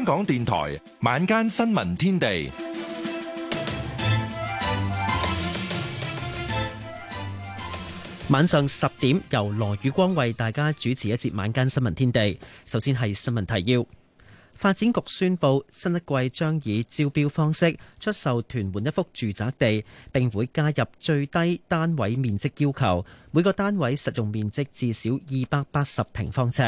香港電台晚間新聞天地，晚上十點由羅宇光為大家主持一節晚間新聞天地。首先係新聞提要：發展局宣佈，新一季將以招標方式出售屯門一幅住宅地，並會加入最低單位面積要求，每個單位實用面積至少二百八十平方尺。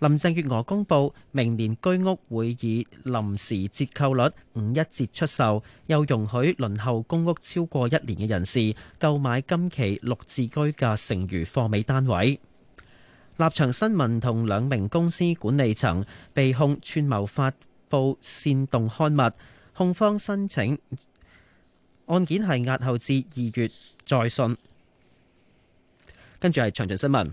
林鄭月娥公布，明年居屋會以臨時折扣率五一折出售，又容許輪候公屋超過一年嘅人士購買今期六字居嘅剩餘貨尾單位。立場新聞同兩名公司管理層被控串謀發布煽動刊物，控方申請案件係押後至二月再訊。跟住係詳盡新聞。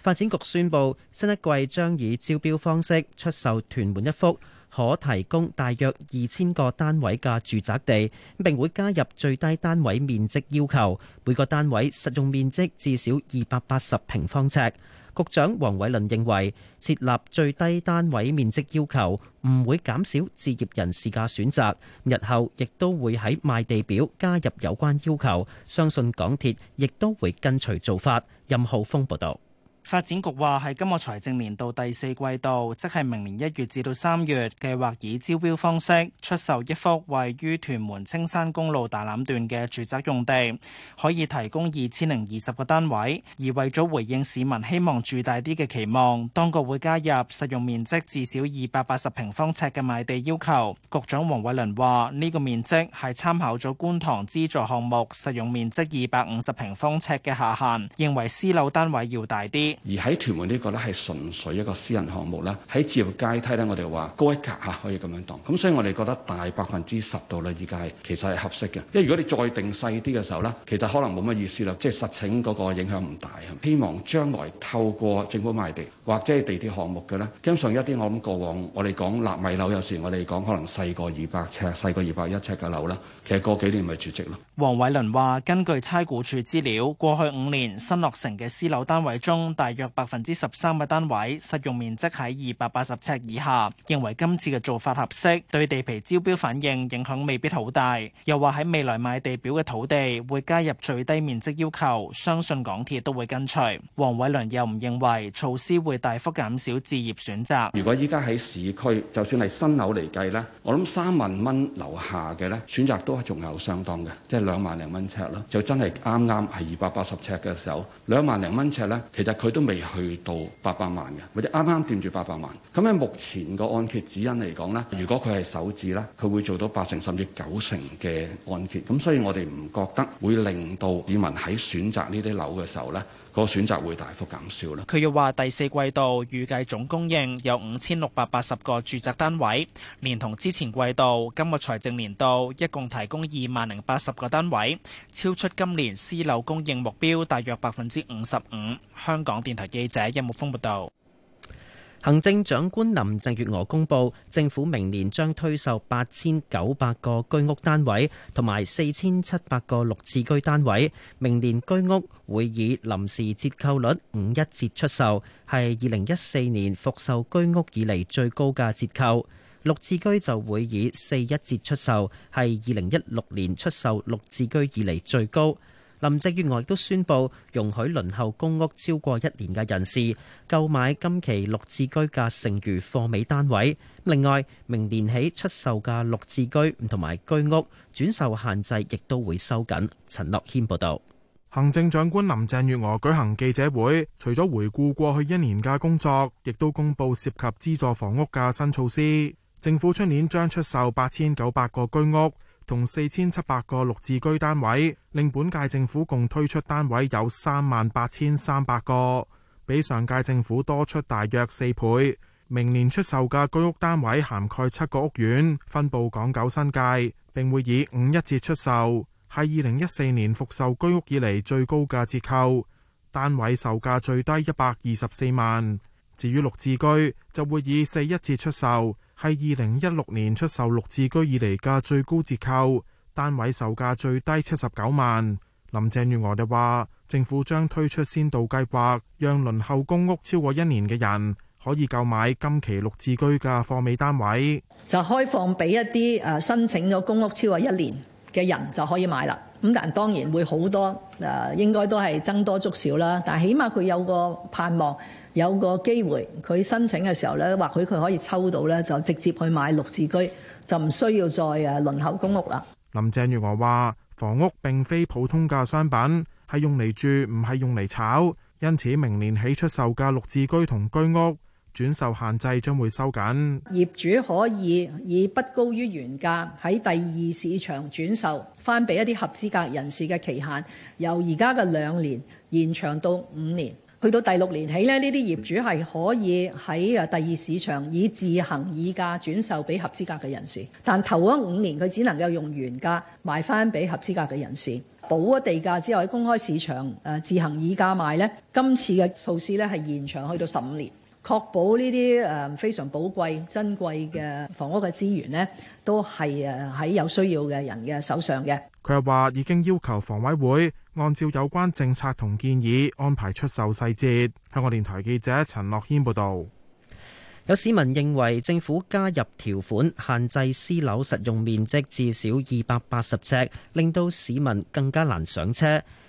發展局宣布，新一季將以招標方式出售屯門一幅可提供大約二千個單位嘅住宅地，並會加入最低單位面積要求，每個單位實用面積至少二百八十平方尺。局長黃偉綸認為，設立最低單位面積要求唔會減少置業人士嘅選擇。日後亦都會喺賣地表加入有關要求，相信港鐵亦都會跟隨做法。任浩峰報導。發展局話：係今個財政年度第四季度，即係明年一月至到三月，計劃以招標方式出售一幅位於屯門青山公路大欖段嘅住宅用地，可以提供二千零二十個單位。而為咗回應市民希望住大啲嘅期望，當局會加入實用面積至少二百八十平方尺嘅賣地要求。局長黃偉綸話：呢個面積係參考咗觀塘資助項目實用面積二百五十平方尺嘅下限，認為私樓單位要大啲。而喺屯門個呢個咧係純粹一個私人項目啦，喺置業階梯咧，我哋話高一格嚇，可以咁樣當。咁所以我哋覺得大百分之十度啦，而家係其實係合適嘅。因為如果你再定細啲嘅時候咧，其實可能冇乜意思啦，即係實情嗰個影響唔大。希望將來透過政府賣地或者係地鐵項目嘅咧，基本上一啲我諗過往我哋講納米樓有時我哋講可能細過二百尺、細過二百一尺嘅樓啦，其實過幾年咪絕跡咯。王偉倫話：根據差估署資料，過去五年新落成嘅私樓單位中，大約百分之十三嘅單位實用面積喺二百八十尺以下，認為今次嘅做法合適，對地皮招標反應影響未必好大。又話喺未來賣地表嘅土地會加入最低面積要求，相信港鐵都會跟隨。黃偉良又唔認為措施會大幅減少置業選擇。如果依家喺市區，就算係新樓嚟計呢，我諗三萬蚊樓下嘅咧，選擇都係仲有相當嘅，即係兩萬零蚊尺咯。就真係啱啱係二百八十尺嘅時候，兩萬零蚊尺呢，其實佢。佢都未去到八百萬嘅，或者啱啱掂住八百萬。咁喺目前個按揭指引嚟講咧，如果佢係首置咧，佢會做到八成甚至九成嘅按揭。咁所以我哋唔覺得會令到市民喺選擇呢啲樓嘅時候咧。個選擇會大幅減少啦。佢又話：第四季度預計總供應有五千六百八十個住宅單位，連同之前季度，今個財政年度一共提供二萬零八十個單位，超出今年私樓供應目標大約百分之五十五。香港電台記者任木風報道。行政長官林鄭月娥公布，政府明年將推售八千九百個居屋單位，同埋四千七百個綠置居單位。明年居屋會以臨時折扣率五一折出售，係二零一四年復售居屋以嚟最高嘅折扣；綠置居就會以四一折出售，係二零一六年出售綠置居以嚟最高。林鄭月娥亦都宣布容許輪候公屋超過一年嘅人士購買今期綠置居嘅剩餘貨尾單位。另外，明年起出售嘅綠置居同埋居屋轉售限制亦都會收緊。陳樂謙報導。行政長官林鄭月娥舉行記者會，除咗回顧過去一年嘅工作，亦都公布涉及資助房屋嘅新措施。政府出年將出售八千九百個居屋。同四千七百個綠置居單位，令本屆政府共推出單位有三萬八千三百個，比上屆政府多出大約四倍。明年出售嘅居屋單位涵蓋七個屋苑，分佈港九新界，並會以五一折出售，係二零一四年復售居屋以嚟最高嘅折扣。單位售價最低一百二十四萬。至於綠置居，就會以四一折出售。係二零一六年出售綠置居以嚟嘅最高折扣，單位售價最低七十九萬。林鄭月娥就話，政府將推出先導計劃，讓輪候公屋超過一年嘅人可以購買今期綠置居嘅貨尾單位，就開放俾一啲誒申請咗公屋超過一年嘅人就可以買啦。咁但當然會好多誒，應該都係僧多粥少啦，但起碼佢有個盼望，有個機會，佢申請嘅時候呢，或許佢可以抽到呢，就直接去買綠置居，就唔需要再誒輪候公屋啦。林鄭月娥話：房屋並非普通嘅商品，係用嚟住，唔係用嚟炒，因此明年起出售嘅綠置居同居屋轉售限制將會收緊。業主可以以不高於原價喺第二市場轉售翻俾一啲合資格人士嘅期限，由而家嘅兩年延長到五年。去到第六年起呢，呢啲業主係可以喺第二市場以自行議價轉售俾合資格嘅人士，但頭嗰五年佢只能夠用原價賣翻俾合資格嘅人士，補咗地價之後喺公開市場自行議價賣呢，今次嘅措施呢，係延長去到十五年。確保呢啲誒非常寶貴、珍貴嘅房屋嘅資源呢都係誒喺有需要嘅人嘅手上嘅。佢又話已經要求房委會按照有關政策同建議安排出售細節。香港電台記者陳樂軒報導。有市民認為政府加入條款限制私樓實用面積至少二百八十尺，令到市民更加難上車。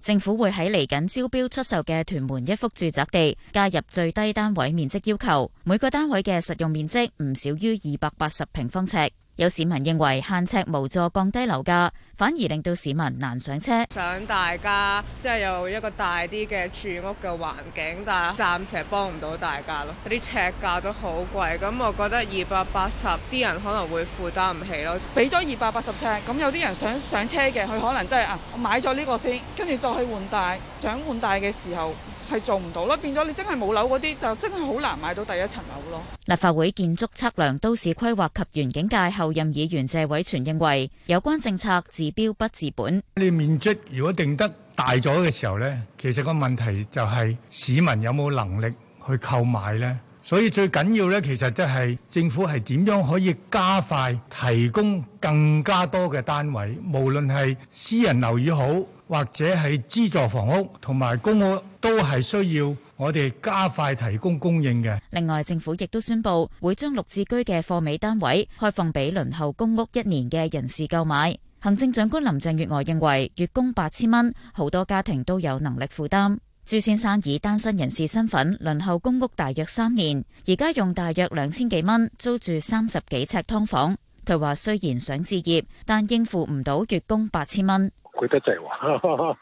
政府會喺嚟緊招標出售嘅屯門一幅住宅地加入最低單位面積要求，每個單位嘅實用面積唔少於二百八十平方尺。有市民認為限尺無助降低樓價，反而令到市民難上車。想大家即係有一個大啲嘅住屋嘅環境，但係暫時係幫唔到大家咯。啲尺價都好貴，咁我覺得二百八十啲人可能會負擔唔起咯。俾咗二百八十尺，咁有啲人想上車嘅，佢可能真、就、係、是、啊，我買咗呢個先，跟住再去換大，想換大嘅時候。係做唔到啦，變咗你真係冇樓嗰啲就真係好難買到第一層樓咯。立法會建築測量都市規劃及園景界候任議員謝偉全認為有關政策治標不治本。你面積如果定得大咗嘅時候呢，其實個問題就係市民有冇能力去購買呢？所以最緊要呢，其實即係政府係點樣可以加快提供更加多嘅單位，無論係私人樓宇好，或者係資助房屋同埋公屋都係需要我哋加快提供供應嘅。另外，政府亦都宣布會將綠置居嘅貨尾單位開放俾輪候公屋一年嘅人士購買。行政長官林鄭月娥認為月供八千蚊，好多家庭都有能力負擔。朱先生以單身人士身份輪候公屋，大約三年，而家用大約兩千幾蚊租住三十幾尺劏房。佢話雖然想置業，但應付唔到月供八千蚊。佢得滯喎，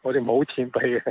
我哋冇錢俾嘅，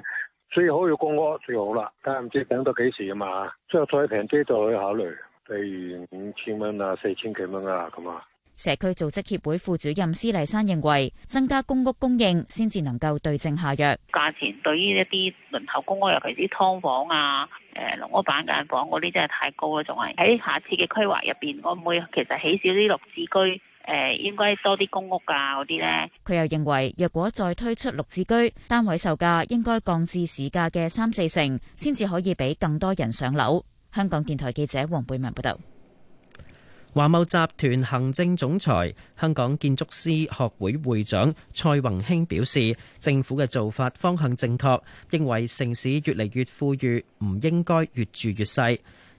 最好要公屋最好啦，但係唔知等到幾時啊嘛，之後再平啲就可以考慮。例如五千蚊啊，四千幾蚊啊咁啊。社區組織協會副主任施麗珊認為，增加公屋供應先至能夠對症下藥。價錢對於一啲輪候公屋，尤其是劏房啊、誒籠屋板間房嗰啲，真係太高啦，仲係喺下次嘅規劃入邊，我會其實起少啲綠置居。誒應該多啲公屋㗎，嗰啲呢，佢又認為，若果再推出綠置居單位，售價應該降至市價嘅三四成，先至可以俾更多人上樓。香港電台記者黃貝文報道。華懋集團行政總裁、香港建築師學會會長蔡宏興表示，政府嘅做法方向正確，認為城市越嚟越富裕，唔應該越住越細。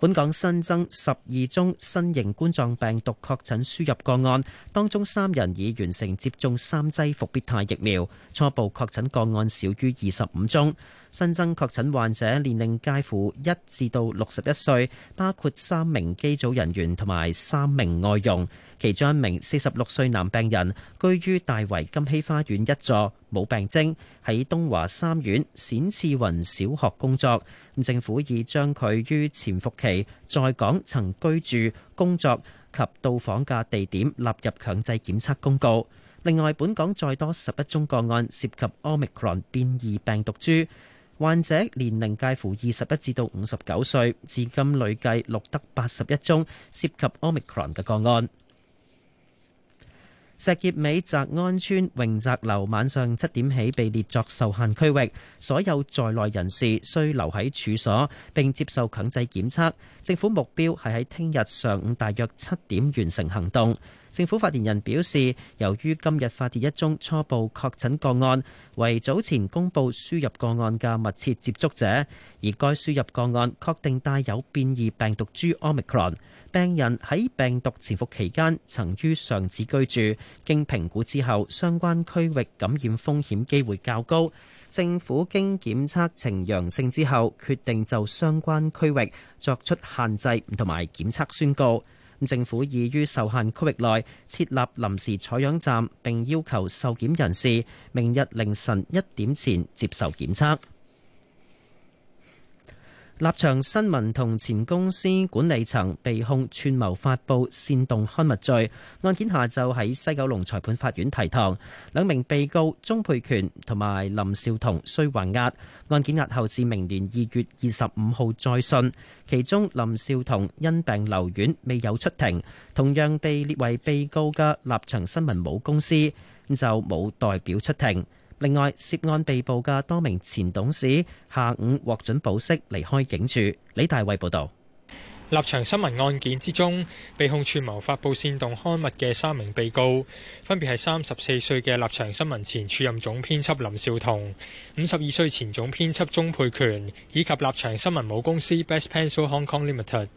本港新增十二宗新型冠狀病毒確診輸入個案，當中三人已完成接種三劑復必泰疫苗，初步確診個案少於二十五宗。新增確診患者年齡介乎一至到六十一歲，包括三名機組人員同埋三名外傭。其中一名四十六歲男病人居於大圍金禧花園一座，冇病徵，喺東華三院冼次雲小學工作。政府已將佢於潛伏期在港曾居住、工作及到訪嘅地點納入強制檢測公告。另外，本港再多十一宗個案涉及 Omicron 變異病毒株。患者年齡介乎二十一至到五十九歲，至今累計錄得八十一宗涉及 Omicron 嘅個案。石硤尾澤安村榮澤樓晚上七點起被列作受限區域，所有在內人士需留喺處所並接受強制檢測。政府目標係喺聽日上午大約七點完成行動。政府發言人表示，由於今日發現一宗初步確診個案，為早前公布輸入個案嘅密切接觸者，而該輸入個案確定帶有變異病毒株奧密克戎 Omicron。病人喺病毒潛伏期間曾於上址居住，經評估之後，相關區域感染風險機會較高。政府經檢測呈陽性之後，決定就相關區域作出限制同埋檢測宣告。政府已於受限區域內設立臨時採樣站，並要求受檢人士明日凌晨一點前接受檢測。立場新聞同前公司管理層被控串謀發布煽動刊物罪，案件下晝喺西九龍裁判法院提堂，兩名被告鍾沛權同埋林少桐需還押，案件押後至明年二月二十五號再訊，其中林少桐因病留院未有出庭，同樣被列為被告嘅立場新聞母公司就冇代表出庭。另外，涉案被捕嘅多名前董事下午獲准保釋離開警署。李大偉報道。立場新聞案件之中，被控串謀發布煽動刊物嘅三名被告，分別係三十四歲嘅立場新聞前署任總編輯林少彤、五十二歲前總編輯鍾沛權，以及立場新聞母公司 Best Pencil Hong Kong Limited。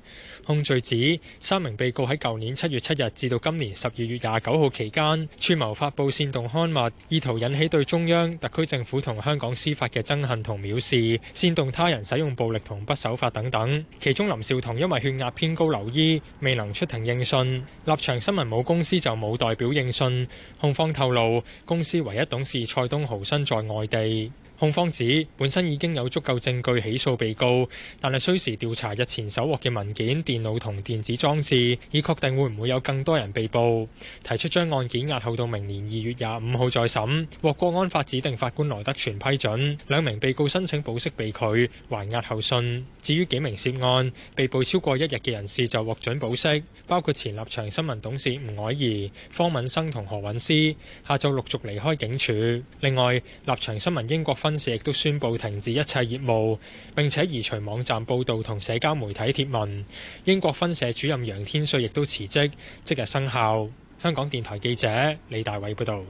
控罪指三名被告喺舊年七月七日至到今年十二月廿九號期間，串謀發布煽動刊物，意圖引起對中央、特區政府同香港司法嘅憎恨同藐視，煽動他人使用暴力同不守法等等。其中林少彤因為血壓偏高留醫，留醫未能出庭應訊。立場新聞母公司就冇代表應訊。控方透露，公司唯一董事蔡東豪身在外地。控方指本身已經有足夠證據起訴被告，但係需時調查日前搜獲嘅文件、電腦同電子裝置，以確定會唔會有更多人被捕。提出將案件押後到明年二月廿五號再審，獲國安法指定法官羅德泉批准。兩名被告申請保釋被拒，還押候訊，至於幾名涉案被捕超過一日嘅人士就獲准保釋，包括前立場新聞董事吳靄儀、方敏生同何韻詩，下晝陸續離開警署。另外，立場新聞英國分分社亦都宣佈停止一切業務，並且移除網站報道同社交媒體貼文。英國分社主任楊天瑞亦都辭職，即日生效。香港電台記者李大偉報道。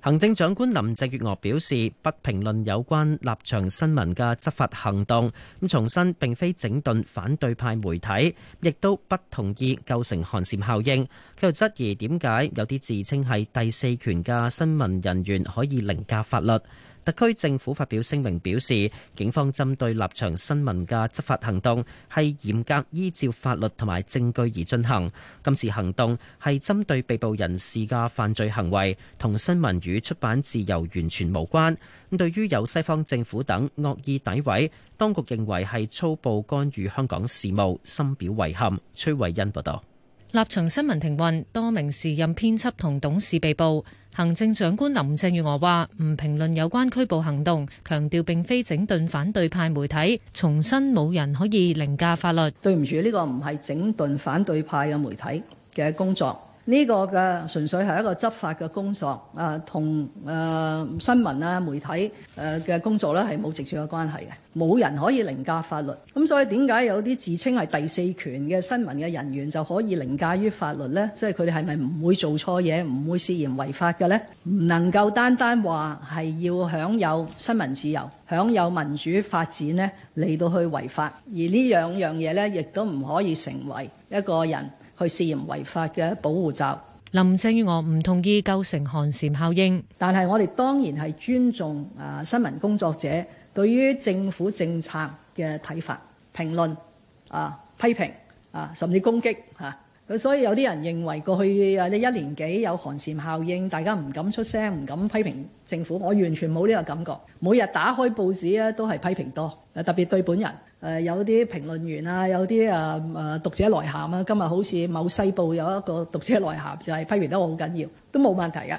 行政長官林鄭月娥表示，不評論有關立場新聞嘅執法行動。咁，重申並非整頓反對派媒體，亦都不同意構成寒蟬效應。佢又質疑，點解有啲自稱係第四權嘅新聞人員可以凌駕法律？特區政府發表聲明表示，警方針對立場新聞嘅執法行動係嚴格依照法律同埋證據而進行。今次行動係針對被捕人士嘅犯罪行為，同新聞與出版自由完全無關。咁對於有西方政府等惡意詆毀，當局認為係粗暴干預香港事務，深表遺憾。崔慧欣報道。立場新聞停運，多名時任編輯同董事被捕。行政長官林鄭月娥話：唔評論有關拘捕行動，強調並非整頓反對派媒體，重申冇人可以凌駕法律。對唔住，呢個唔係整頓反對派嘅媒體嘅工作。呢個嘅純粹係一個執法嘅工作，同、呃呃、新聞啊媒體嘅工作咧係冇直接嘅關係嘅，冇人可以凌駕法律。咁所以點解有啲自稱係第四權嘅新聞嘅人員就可以凌駕於法律呢？即係佢哋係咪唔會做錯嘢，唔會涉嫌違法嘅呢？唔能夠單單話係要享有新聞自由、享有民主發展呢嚟到去違法，而呢兩樣嘢呢，亦都唔可以成為一個人。去涉嫌違法嘅保護罩。林鄭月娥唔同意構成寒蟬效應，但係我哋當然係尊重啊新聞工作者對於政府政策嘅睇法、評論、啊批評、啊甚至攻擊吓。咁、啊、所以有啲人認為過去啊呢一年幾有寒蟬效應，大家唔敢出聲、唔敢批評政府。我完全冇呢個感覺。每日打開報紙咧都係批評多，特別對本人。誒、呃、有啲評論員啊，有啲誒誒讀者來函啊，今日好似某報有一個讀者來函，就係批評得我好緊要，都冇問題嘅。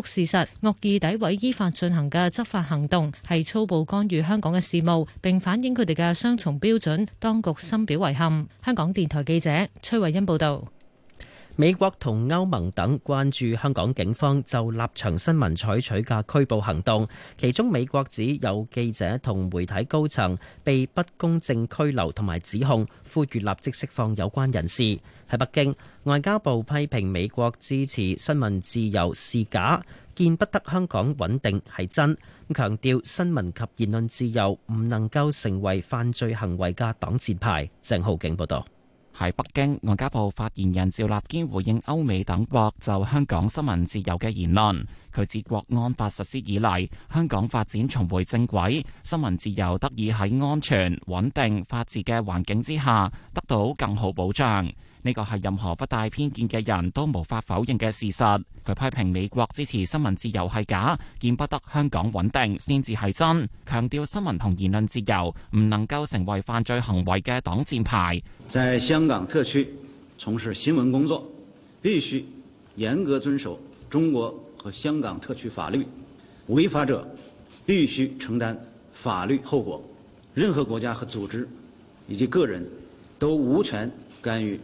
事實惡意詆毀依法進行嘅執法行動，係粗暴干預香港嘅事務，並反映佢哋嘅雙重標準。當局深表遺憾。香港電台記者崔慧欣報道。美國同歐盟等關注香港警方就立場新聞採取嘅拘捕行動，其中美國指有記者同媒體高層被不公正拘留同埋指控，呼籲立即釋放有關人士。喺北京，外交部批評美國支持新聞自由是假，見不得香港穩定係真，強調新聞及言論自由唔能夠成為犯罪行為嘅擋箭牌。鄭浩景報導。喺北京，外交部發言人趙立堅回應歐美等國就香港新聞自由嘅言論。佢指國安法實施以嚟，香港發展重回正軌，新聞自由得以喺安全穩定法治嘅環境之下得到更好保障。呢個係任何不帶偏見嘅人都無法否認嘅事實。佢批評美國支持新聞自由係假，見不得香港穩定先至係真。強調新聞同言論自由唔能夠成為犯罪行為嘅擋箭牌。在香港特區從事新聞工作，必須嚴格遵守中國和香港特區法律，違法者必須承擔法律後果。任何國家和組織以及個人都無權干預。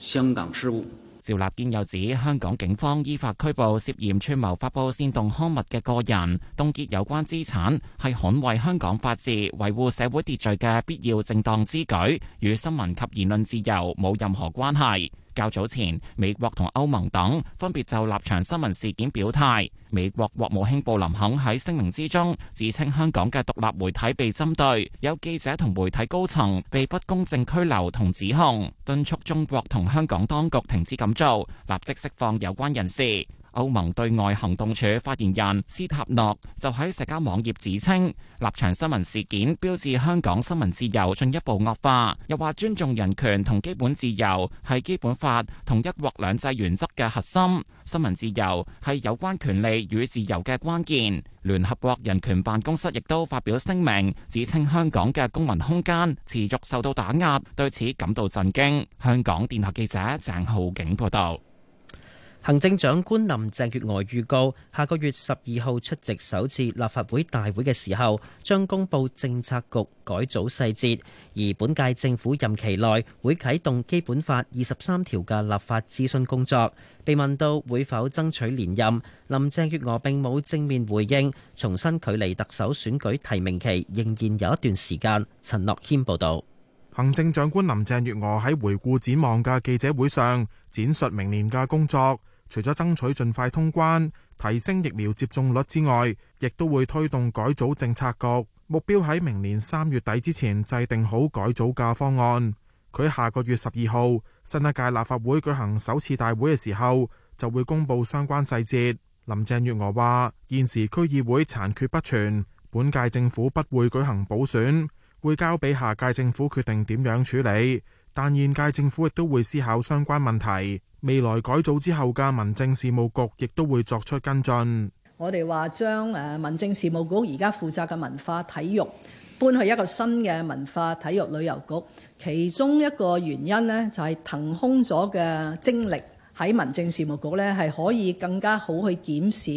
香港事務，趙立堅又指，香港警方依法拘捕涉嫌串謀發布煽動刊物嘅個人，凍結有關資產，係捍衛香港法治、維護社會秩序嘅必要正當之舉，與新聞及言論自由冇任何關係。較早前，美國同歐盟等分別就立場新聞事件表態。美國國務卿布林肯喺聲明之中，指稱香港嘅獨立媒體被針對，有記者同媒體高層被不公正拘留同指控，敦促中國同香港當局停止咁做，立即釋放有關人士。歐盟對外行動處發言人斯塔諾就喺社交網頁指稱，立場新聞事件標誌香港新聞自由進一步惡化。又話尊重人權同基本自由係基本法同一國兩制原則嘅核心，新聞自由係有關權利與自由嘅關鍵。聯合國人權辦公室亦都發表聲明，指稱香港嘅公民空間持續受到打壓，對此感到震驚。香港電台記者鄭浩景報道。行政長官林鄭月娥預告，下個月十二號出席首次立法會大會嘅時候，將公布政策局改組細節。而本屆政府任期內會啟動《基本法》二十三條嘅立法諮詢工作。被問到會否爭取連任，林鄭月娥並冇正面回應，重申距離特首選舉提名期仍然有一段時間。陳樂謙報道。行政長官林鄭月娥喺回顧展望嘅記者會上，闡述明年嘅工作。除咗爭取盡快通關、提升疫苗接種率之外，亦都會推動改組政策局，目標喺明年三月底之前制定好改組嘅方案。佢下個月十二號新一屆立法會舉行首次大會嘅時候，就會公布相關細節。林鄭月娥話：現時區議會殘缺不全，本屆政府不會舉行補選，會交俾下屆政府決定點樣處理。但現屆政府亦都會思考相關問題。未來改組之後嘅民政事務局亦都會作出跟進。我哋話將誒民政事務局而家負責嘅文化體育搬去一個新嘅文化體育旅遊局，其中一個原因呢，就係、是、騰空咗嘅精力喺民政事務局呢，係可以更加好去檢視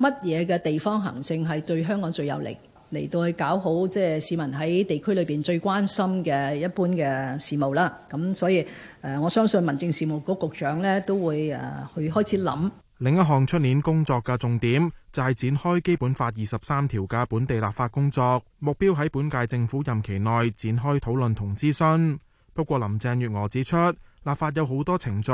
乜嘢嘅地方行政係對香港最有利，嚟到去搞好即係市民喺地區裏邊最關心嘅一般嘅事務啦。咁所以。誒，我相信民政事務局局長咧都會誒去開始諗另一項出年工作嘅重點，就係展開《基本法》二十三條嘅本地立法工作，目標喺本屆政府任期內展開討論同諮詢。不過林鄭月娥指出，立法有好多程序，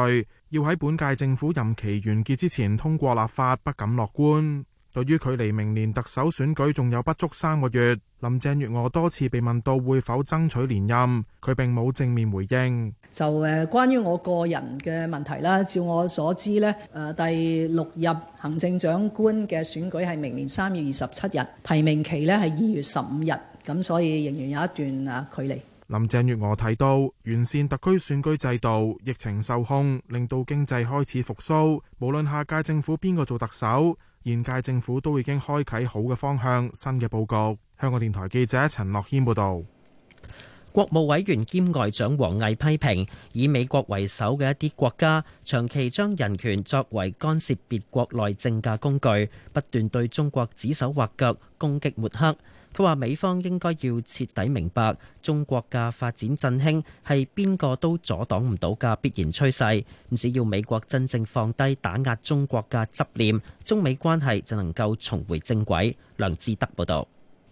要喺本屆政府任期完結之前通過立法，不敢樂觀。對於距離明年特首選舉仲有不足三個月，林鄭月娥多次被問到會否爭取連任，佢並冇正面回應。就誒，關於我個人嘅問題啦，照我所知呢誒，第六任行政長官嘅選舉係明年三月二十七日，提名期呢係二月十五日，咁所以仍然有一段啊距離。林鄭月娥提到，完善特區選舉制度，疫情受控，令到經濟開始復蘇，無論下屆政府邊個做特首。現屆政府都已經開啓好嘅方向，新嘅報告。香港電台記者陳樂軒報導。國務委員兼外長王毅批評，以美國為首嘅一啲國家長期將人權作為干涉別國內政嘅工具，不斷對中國指手畫腳、攻擊抹黑。佢話：美方應該要徹底明白，中國嘅發展振興係邊個都阻擋唔到嘅必然趨勢。只要美國真正放低打壓中國嘅執念，中美關係就能夠重回正軌。梁志德報道。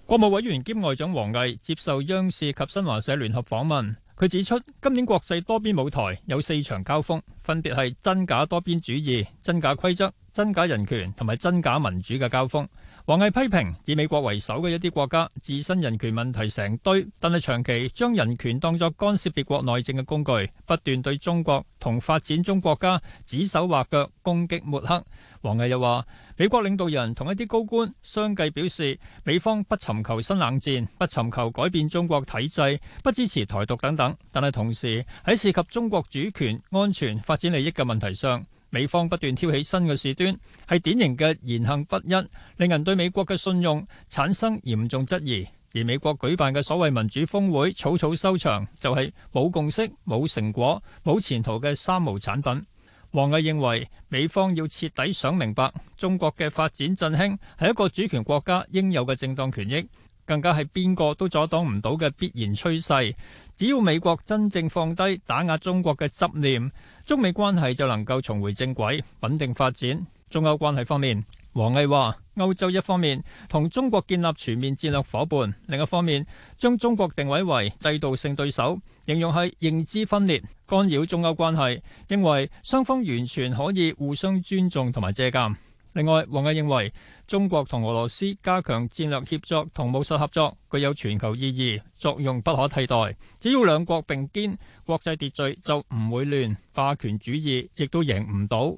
國務委員兼外長王毅接受央視及新華社聯合訪問。佢指出，今年國際多邊舞台有四場交鋒，分別係真假多邊主義、真假規則、真假人權同埋真假民主嘅交鋒。王毅批評以美國為首嘅一啲國家，自身人權問題成堆，但係長期將人權當作干涉別國內政嘅工具，不斷對中國同發展中國家指手畫腳、攻擊抹黑。王毅又話：美國領導人同一啲高官相繼表示，美方不尋求新冷戰，不尋求改變中國體制，不支持台獨等等。但係同時喺涉及中國主權、安全、發展利益嘅問題上，美方不斷挑起新嘅事端，係典型嘅言行不一，令人對美國嘅信用產生嚴重質疑。而美國舉辦嘅所謂民主峰會，草草收場，就係冇共識、冇成果、冇前途嘅三無產品。王毅認為，美方要徹底想明白，中國嘅發展振興係一個主權國家應有嘅正當權益，更加係邊個都阻擋唔到嘅必然趨勢。只要美國真正放低打壓中國嘅執念，中美關係就能夠重回正軌，穩定發展。中歐關係方面，王毅話。歐洲一方面同中國建立全面戰略伙伴，另一方面將中國定位為制度性對手，形容係認知分裂、干擾中歐關係。認為雙方完全可以互相尊重同埋借鑑。另外，王毅認為中國同俄羅斯加強戰略協作同務實合作具有全球意義，作用不可替代。只要兩國並肩，國際秩序就唔會亂，霸權主義亦都贏唔到。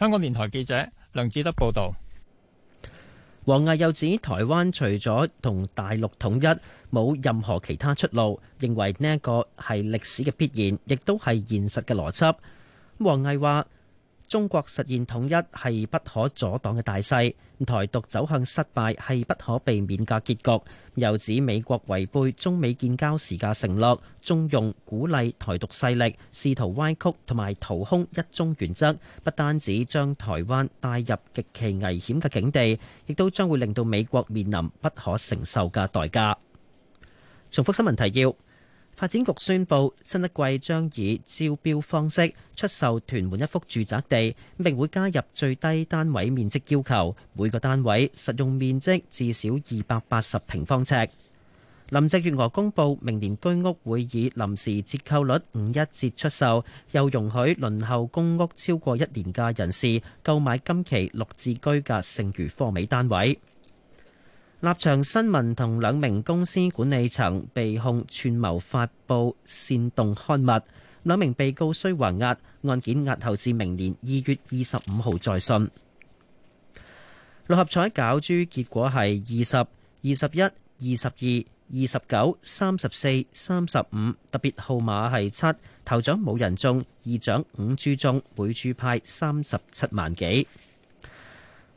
香港電台記者梁志德報道。王毅又指，台灣除咗同大陸統一，冇任何其他出路，認為呢一個係歷史嘅必然，亦都係現實嘅邏輯。王毅話。中國實現統一係不可阻擋嘅大勢，台獨走向失敗係不可避免嘅結局。又指美國違背中美建交時嘅承諾，縱容鼓勵台獨勢力，試圖歪曲同埋掏空一中原則，不單止將台灣帶入極其危險嘅境地，亦都將會令到美國面臨不可承受嘅代價。重複新聞提要。發展局宣布，新一季將以招標方式出售屯門一幅住宅地，並會加入最低單位面積要求，每個單位實用面積至少二百八十平方尺。林鄭月娥公布，明年居屋會以臨時折扣率五一折出售，又容許輪候公屋超過一年嘅人士購買今期綠置居嘅剩餘貨尾單位。立場新聞同兩名公司管理層被控串謀發布煽動刊物，兩名被告需還押，案件押後至明年二月二十五號再訊。六合彩攪珠結果係二十、二十一、二十二、二十九、三十四、三十五，特別號碼係七，頭獎冇人中，二獎五注中，每注派三十七萬幾。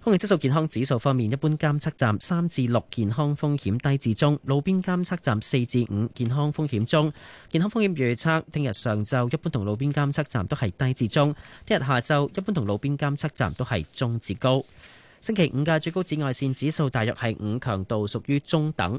空氣質素健康指數方面，一般監測站三至六健康風險低至中，路邊監測站四至五健康風險中。健康風險預測，聽日上晝一般同路邊監測站都係低至中，聽日下晝一般同路邊監測站都係中至高。星期五嘅最高紫外線指數大約係五，強度屬於中等。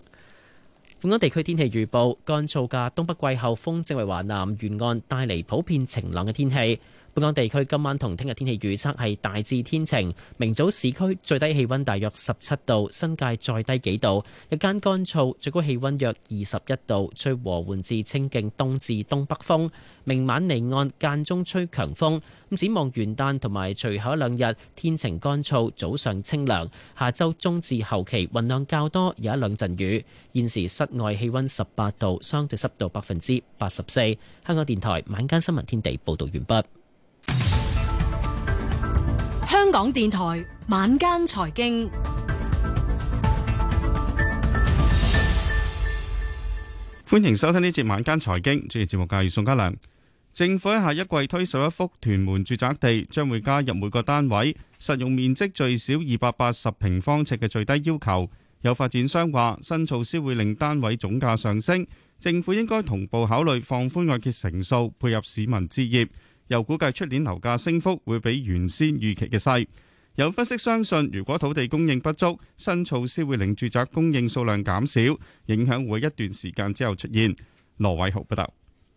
本港地區天氣預報，乾燥嘅東北季候風正為華南沿岸帶嚟普遍晴朗嘅天氣。本港地區今晚同聽日天氣預測係大致天晴，明早市區最低氣温大約十七度，新界再低幾度，日間乾燥，最高氣温約二十一度，吹和緩至清勁東至東北風。明晚離岸間中吹強風。咁展望元旦同埋隨後一兩日天晴乾燥，早上清涼。下週中至後期雲量較多，有一兩陣雨。現時室外氣温十八度，相對濕度百分之八十四。香港電台晚間新聞天地報道完畢。香港電台晚間財經，歡迎收聽呢節晚間財經。主持節目嘅係宋嘉良。政府喺下一季推售一幅屯，屯門住宅地，將會加入每個單位實用面積最少二百八十平方尺嘅最低要求。有發展商話，新措施會令單位總價上升。政府應該同步考慮放寬按揭成數，配合市民置業。又估計出年樓價升幅會比原先預期嘅細。有分析相信，如果土地供應不足，新措施會令住宅供應數量減少，影響會一段時間之後出現。羅偉豪報道。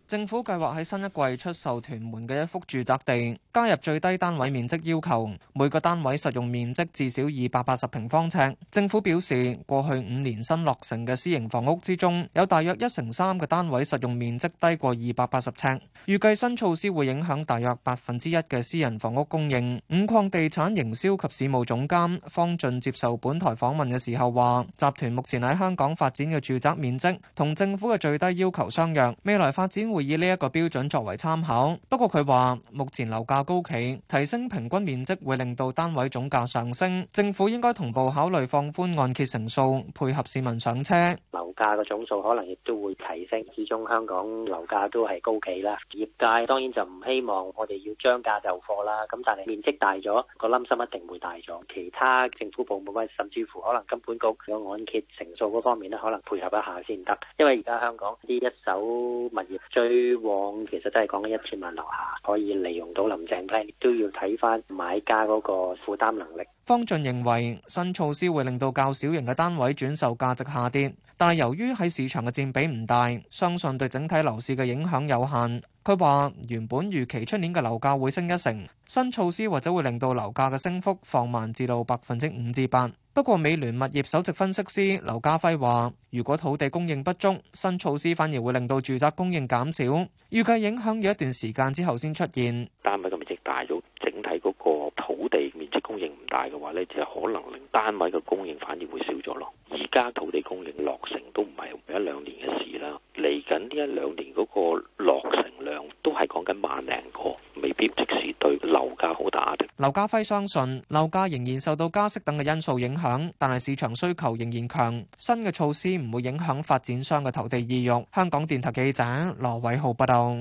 政府計劃喺新一季出售屯門嘅一幅住宅地，加入最低單位面積要求，每個單位實用面積至少二百八十平方尺。政府表示，過去五年新落成嘅私營房屋之中，有大約一成三嘅單位實用面積低過二百八十尺。預計新措施會影響大約百分之一嘅私人房屋供應。五礦地產營銷及事務總監方進接受本台訪問嘅時候話，集團目前喺香港發展嘅住宅面積同政府嘅最低要求相若，未來發展。會以呢一個標準作為參考，不過佢話目前樓價高企，提升平均面積會令到單位總價上升，政府應該同步考慮放寬按揭成數，配合市民上車。樓價個總數可能亦都會提升，始終香港樓價都係高企啦。業界當然就唔希望我哋要將價就貨啦，咁但係面積大咗，個冧心一定會大咗。其他政府部門甚至乎可能根本局個按揭成數嗰方面咧，可能配合一下先得，因為而家香港呢一手物業去往其實都係講緊一千萬樓下可以利用到林鄭批，都要睇翻買家嗰個負擔能力。方俊認為新措施會令到較小型嘅單位轉售價值下跌，但係由於喺市場嘅佔比唔大，相信對整體樓市嘅影響有限。佢話原本預期出年嘅樓價會升一成，新措施或者會令到樓價嘅升幅放慢至到百分之五至八。不過美聯物業首席分析師劉家輝話，如果土地供應不足，新措施反而會令到住宅供應減少，預計影響要一段時間之後先出現。單位嘅面積大咗，整體嗰個土地面積供應唔大嘅話呢，就可能令單位嘅供應反而會少咗咯。而家土地供應落成都唔係一兩年嘅事啦，嚟緊呢一兩年嗰個落成。量都係講緊萬零個，未必即時對樓價好打的。劉家輝相信樓價仍然受到加息等嘅因素影響，但係市場需求仍然強。新嘅措施唔會影響發展商嘅投地意欲。香港電台記者羅偉浩報道。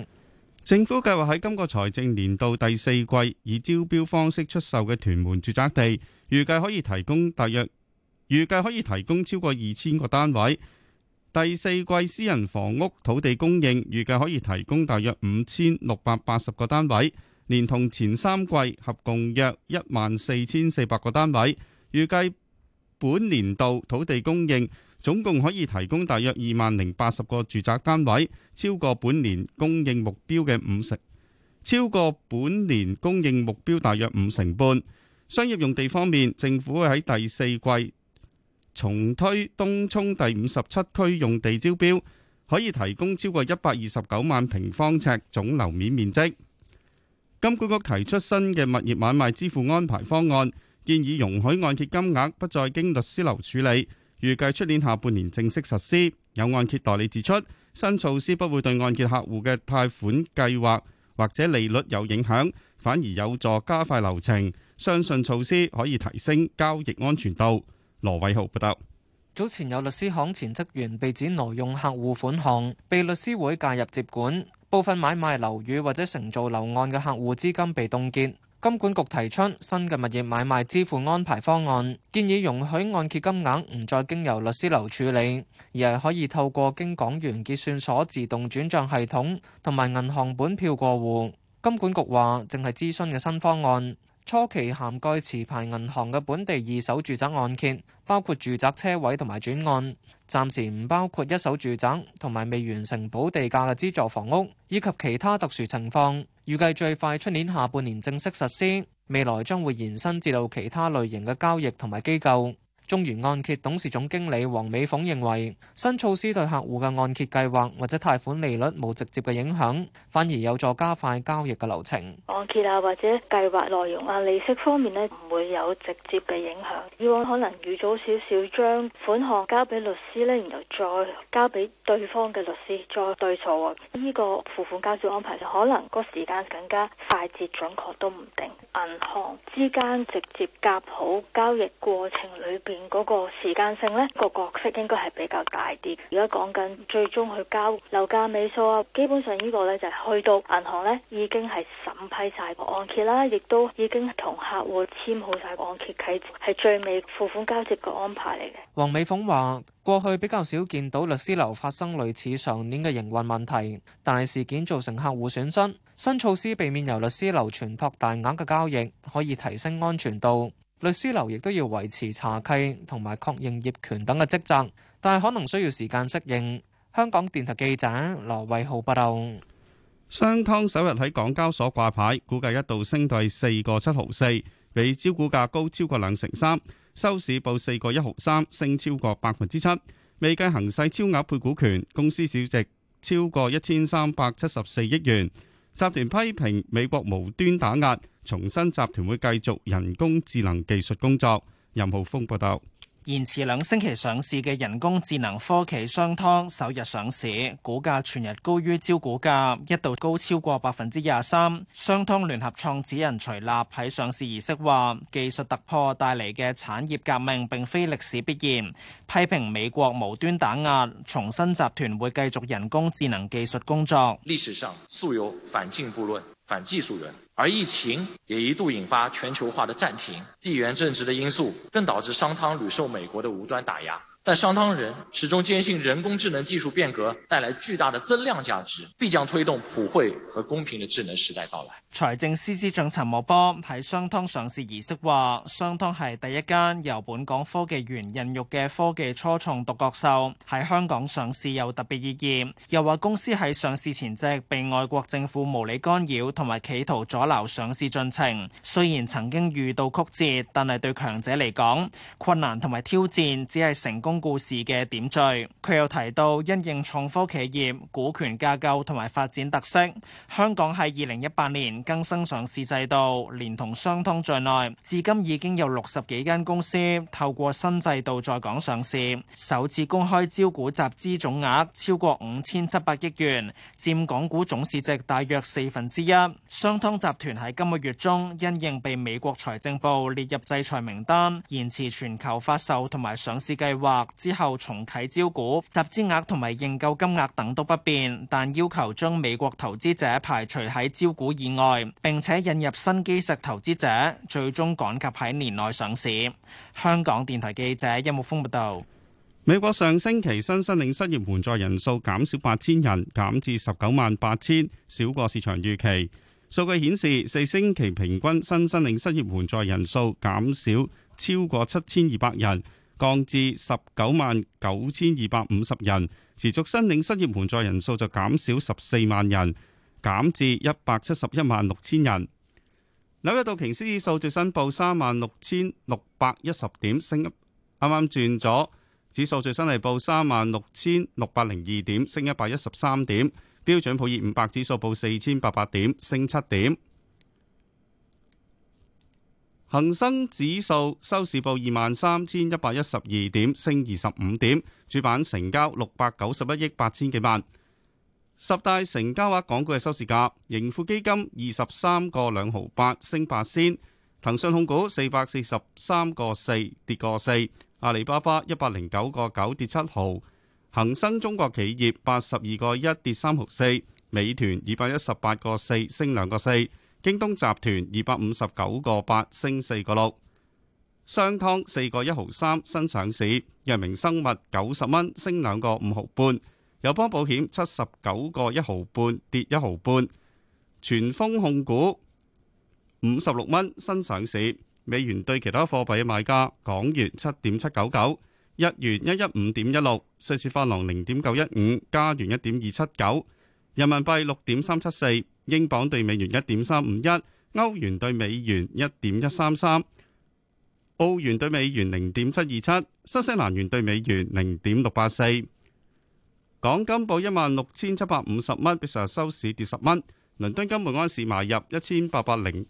政府計劃喺今個財政年度第四季以招標方式出售嘅屯門住宅地，預計可以提供大約，預計可以提供超過二千個單位。第四季私人房屋土地供應預計可以提供大約五千六百八十個單位，連同前三季合共約一萬四千四百個單位。預計本年度土地供應總共可以提供大約二萬零八十個住宅單位，超過本年供應目標嘅五成，超過本年供應目標大約五成半。商業用地方面，政府會喺第四季。重推東涌第五十七區用地招標，可以提供超過一百二十九萬平方尺，總樓面面積。金管局提出新嘅物業買賣支付安排方案，建議容許按揭金額不再經律師樓處理，預計出年下半年正式實施。有按揭代理指出，新措施不會對按揭客戶嘅貸款計劃或者利率有影響，反而有助加快流程，相信措施可以提升交易安全度。羅偉豪報道，早前有律師行前職員被指挪用客戶款項，被律師會介入接管。部分買賣樓宇或者承造樓按嘅客戶資金被凍結。金管局提出新嘅物業買賣支付安排方案，建議容許按揭金額唔再經由律師樓處理，而係可以透過經港元結算所自動轉賬系統同埋銀行本票過戶。金管局話，淨係諮詢嘅新方案。初期涵蓋持牌銀行嘅本地二手住宅按揭，包括住宅車位同埋轉按，暫時唔包括一手住宅同埋未完成補地價嘅資助房屋，以及其他特殊情況，預計最快出年下半年正式實施，未來將會延伸至到其他類型嘅交易同埋機構。中原按揭董事總經理黃美鳳認為新措施對客戶嘅按揭計劃或者貸款利率冇直接嘅影響，反而有助加快交易嘅流程。按揭啊，或者計劃內容啊，利息方面咧唔會有直接嘅影響。以往可能預早少少將款項交俾律師咧，然後再交俾對方嘅律師再對錯。呢個付款交接安排就可能個時間更加快捷準確都唔定。銀行之間直接夾好交易過程裏邊。嗰個時間性呢個角色應該係比較大啲。而家講緊最終去交樓價尾數啊，基本上呢個呢就係去到銀行呢已經係審批晒個按揭啦，亦都已經同客戶簽好晒個按揭契約，係最尾付款交接嘅安排嚟嘅。黃美鳳話：過去比較少見到律師樓發生類似上年嘅營運問題，但係事件造成客戶損失。新措施避免由律師樓傳託大額嘅交易，可以提升安全度。律師樓亦都要維持查契同埋確認業權等嘅職責，但係可能需要時間適應。香港電台記者羅偉浩報道。商湯首日喺港交所掛牌，估計一度升到四個七毫四，比招股價高超過兩成三，收市報四個一毫三，升超過百分之七，未計行使超額配股權，公司市值超過一千三百七十四億元。集團批評美國無端打壓，重申集團會繼續人工智能技術工作。任浩峰報導。延遲兩星期上市嘅人工智能科技商湯首日上市，股價全日高於招股價，一度高超過百分之廿三。商湯聯合創始人徐立喺上市儀式話，技術突破帶嚟嘅產業革命並非歷史必然，批評美國無端打壓，重新集團會繼續人工智能技術工作。歷史上素有反進步論。反技術人，而疫情也一度引發全球化的暫停，地緣政治的因素更導致商湯屢受美國的無端打壓。但商湯人始終堅信人工智能技術變革帶來巨大的增量價值，必將推動普惠和公平的智能時代到來。財政司司長陳茂波喺商湯上市儀式話，商湯係第一間由本港科技園孕育嘅科技初創獨，獨角獸，喺香港上市有特別意義。又話公司喺上市前夕被外國政府無理干擾同埋企圖阻撓上市進程，雖然曾經遇到曲折，但係對強者嚟講，困難同埋挑戰只係成功故事嘅點綴，佢又提到因應創科企業股權架構同埋發展特色，香港喺二零一八年更新上市制度，連同商湯在內，至今已經有六十幾間公司透過新制度在港上市，首次公開招股集資總額超過五千七百億元，佔港股總市值大約四分之一。商湯集團喺今個月中因應被美國財政部列入制裁名單，延遲全球發售同埋上市計劃。之後重啟招股，集資額同埋認購金額等都不變，但要求將美國投資者排除喺招股以外，並且引入新基石投資者，最終趕及喺年內上市。香港電台記者殷木鋒報道：美國上星期新申領失業援助人數減少八千人，減至十九萬八千，少過市場預期。數據顯示，四星期平均新申領失業援助人數減少超過七千二百人。降至十九萬九千二百五十人，持續申領失業援助人數就減少十四萬人，減至一百七十一萬六千人。紐約道瓊斯指數最新報三萬六千六百一十點，升一，啱啱轉咗指數最新係報三萬六千六百零二點，升一百一十三點。標準普爾五百指數報四千八百點，升七點。恒生指數收市報二萬三千一百一十二點，升二十五點。主板成交六百九十一億八千幾萬。十大成交額港股嘅收市價：盈富基金二十三個兩毫八，升八仙；騰訊控股四百四十三個四，跌個四；阿里巴巴一百零九個九，跌七毫；恒生中國企業八十二個一，跌三毫四；美團二百一十八個四，升兩個四。京東集團二百五十九個八升四個六，商湯四個一毫三新上市，藥明生物九十蚊升兩個五毫半，友邦保險七十九個一毫半跌一毫半，全峰控股五十六蚊新上市。美元兌其他貨幣嘅賣價：港元七點七九九，日元一一五點一六，瑞士法郎零點九一五，加元一點二七九，人民幣六點三七四。英鎊兌美元一點三五一，歐元兌美元一點一三三，澳元兌美元零點七二七，新西蘭元兌美元零點六八四。港金報一萬六千七百五十蚊，比上日收市跌十蚊。倫敦金每安士買入一千八百零，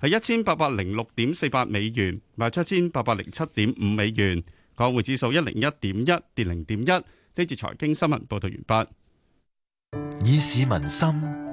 係一千八百零六點四八美元，賣出一千八百零七點五美元。港匯指數一零一點一，跌零點一。呢節財經新聞報道完畢。以市民心。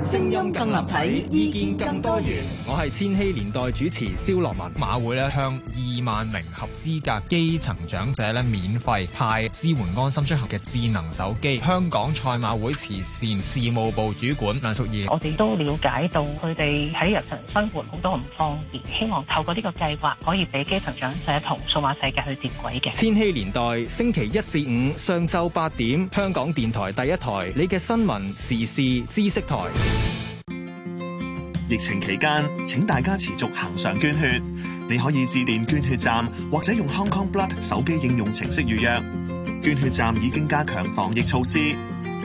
聲音更立體，意見更多元。我係千禧年代主持蕭羅文。馬會咧向二萬名合資格基層長者咧免費派支援安心出行嘅智能手機。香港賽馬會慈善事務部主管梁淑儀。我哋都了解到佢哋喺日常生活好多唔方便，希望透過呢個計劃可以俾基層長者同數碼世界去接軌嘅。千禧年代星期一至五上晝八點。香港電台第一台，你嘅新聞時事知識台。疫情期間，請大家持續行上捐血。你可以致電捐血站，或者用 Hong Kong Blood 手機應用程式預約。捐血站已經加強防疫措施，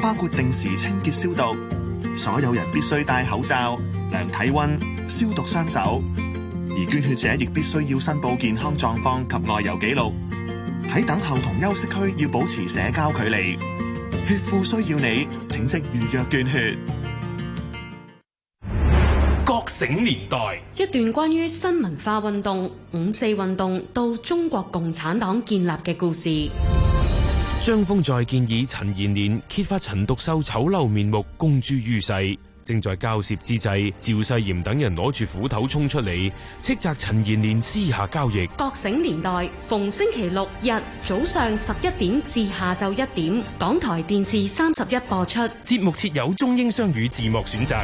包括定時清潔消毒，所有人必須戴口罩、量體溫、消毒雙手。而捐血者亦必須要申報健康狀況及外遊記錄。喺等候同休息區要保持社交距離。血庫需要你，請即預約捐血。醒年代，一段關於新文化運動、五四運動到中國共產黨建立嘅故事。張峰在建議陳延年揭發陳獨秀醜陋面目，公諸於世，正在交涉之際，趙世炎等人攞住斧頭衝出嚟，斥責陳延年私下交易。覺醒年代逢星期六日早上十一點至下晝一點，港台電視三十一播出。節目設有中英雙語字幕選擇。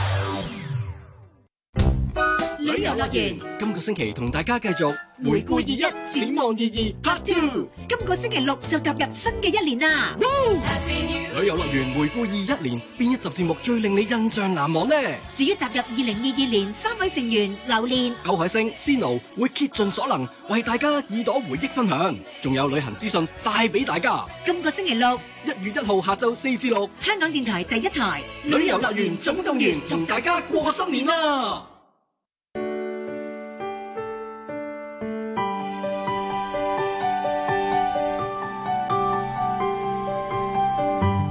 旅遊樂園今個星期同大家繼續回顧二一，展望二二。Part Two，今個星期六就踏入新嘅一年啦。旅遊樂園回顧二一年，邊一集節目最令你印象難忘呢？至於踏入二零二二年，三位成員留念、牛海星、Snell 會竭盡所能為大家耳朵回憶分享，仲有旅行資訊帶俾大家。今個星期六一月一號下晝四至六，香港電台第一台旅遊樂園總動員同大家過新年啦！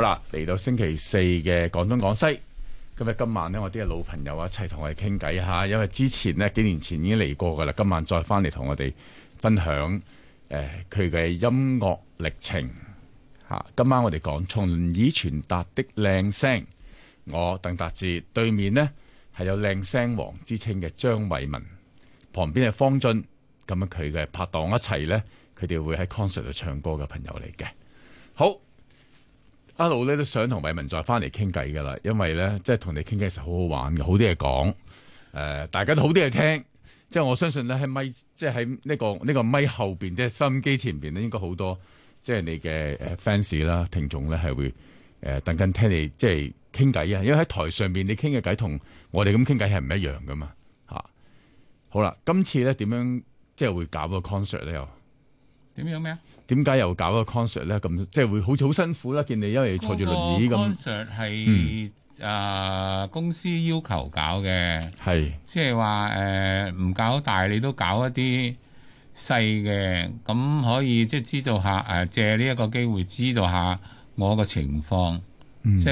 好啦，嚟到星期四嘅廣東廣西，咁啊今晚呢，我啲嘅老朋友一齊同我哋傾偈下，因為之前咧幾年前已經嚟過噶啦，今晚再翻嚟同我哋分享誒佢嘅音樂歷程嚇、啊。今晚我哋講從以傳達的靚聲，我鄧達志對面呢係有靚聲王之稱嘅張偉文，旁邊係方俊，咁啊佢嘅拍檔一齊呢，佢哋會喺 concert 度唱歌嘅朋友嚟嘅。好。阿路咧都想同偉文再翻嚟傾偈噶啦，因為咧即係同你傾偈實好好玩嘅，好多嘢講，誒、呃，大家都好多嘢聽。即係我相信咧喺咪，即係喺呢個呢、這個咪後邊，即係收音機前邊咧，應該好多即係你嘅誒 fans 啦、聽眾咧係會誒、呃、等緊聽你即係傾偈啊！因為喺台上邊你傾嘅偈同我哋咁傾偈係唔一樣噶嘛，吓、啊。好啦，今次咧點樣即係會搞個 concert 咧？又點樣咩啊？點解又搞個 concert 咧？咁即係會好似好辛苦啦。見你因為坐住輪椅咁。concert 係、嗯、啊公司要求搞嘅，係即係話誒唔搞大，你都搞一啲細嘅，咁可以即係知道下誒、啊、借呢一個機會知道下我個情況。嗯